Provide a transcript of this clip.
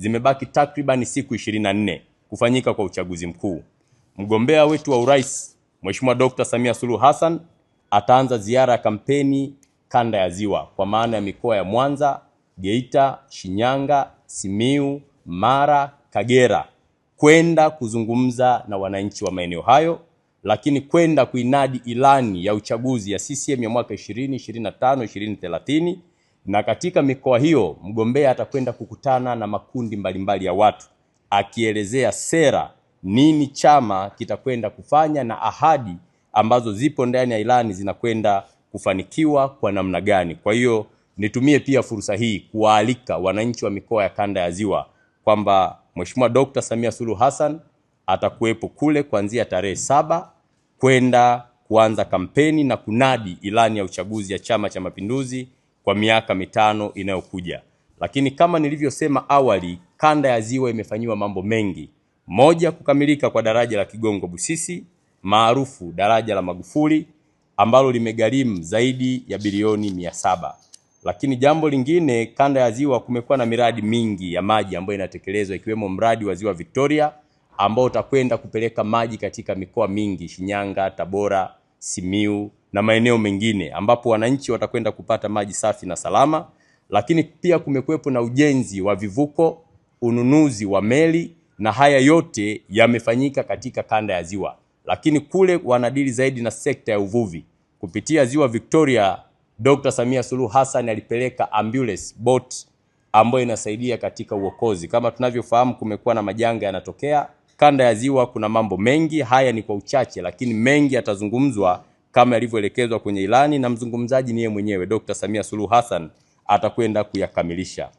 zimebaki takribani siku 24 kufanyika kwa uchaguzi mkuu. Mgombea wetu wa urais Mheshimiwa Dr. Samia Suluhu Hassan ataanza ziara ya kampeni kanda ya Ziwa kwa maana ya mikoa ya Mwanza, Geita, Shinyanga, Simiu, Mara, Kagera kwenda kuzungumza na wananchi wa maeneo hayo, lakini kwenda kuinadi ilani ya uchaguzi ya CCM ya mwaka 2025 2030 na katika mikoa hiyo mgombea atakwenda kukutana na makundi mbalimbali ya watu akielezea sera, nini chama kitakwenda kufanya na ahadi ambazo zipo ndani ya ilani zinakwenda kufanikiwa kwa namna gani. Kwa hiyo nitumie pia fursa hii kuwaalika wananchi wa mikoa ya kanda ya Ziwa kwamba Mheshimiwa Dkt. Samia Suluhu Hassan atakuwepo kule kuanzia tarehe saba kwenda kuanza kampeni na kunadi ilani ya uchaguzi ya Chama cha Mapinduzi kwa miaka mitano inayokuja. Lakini kama nilivyosema awali, kanda ya ziwa imefanyiwa mambo mengi. Moja, kukamilika kwa daraja la Kigongo Busisi maarufu daraja la Magufuli ambalo limegharimu zaidi ya bilioni mia saba. Lakini jambo lingine, kanda ya ziwa kumekuwa na miradi mingi ya maji ambayo inatekelezwa ikiwemo mradi wa ziwa Victoria ambao utakwenda kupeleka maji katika mikoa mingi Shinyanga, Tabora, Simiu na maeneo mengine ambapo wananchi watakwenda kupata maji safi na salama, lakini pia kumekuwepo na ujenzi wa vivuko, ununuzi wa meli na haya yote yamefanyika katika kanda ya Ziwa, lakini kule wanadili zaidi na sekta ya uvuvi kupitia Ziwa Victoria. Dr. Samia Suluhu Hassan alipeleka ambulance boat ambayo inasaidia katika uokozi. Kama tunavyofahamu, kumekuwa na majanga yanatokea kanda ya Ziwa, kuna mambo mengi, haya ni kwa uchache, lakini mengi yatazungumzwa kama yalivyoelekezwa kwenye ilani na mzungumzaji niye mwenyewe Dr. Samia Suluhu Hassan atakwenda kuyakamilisha.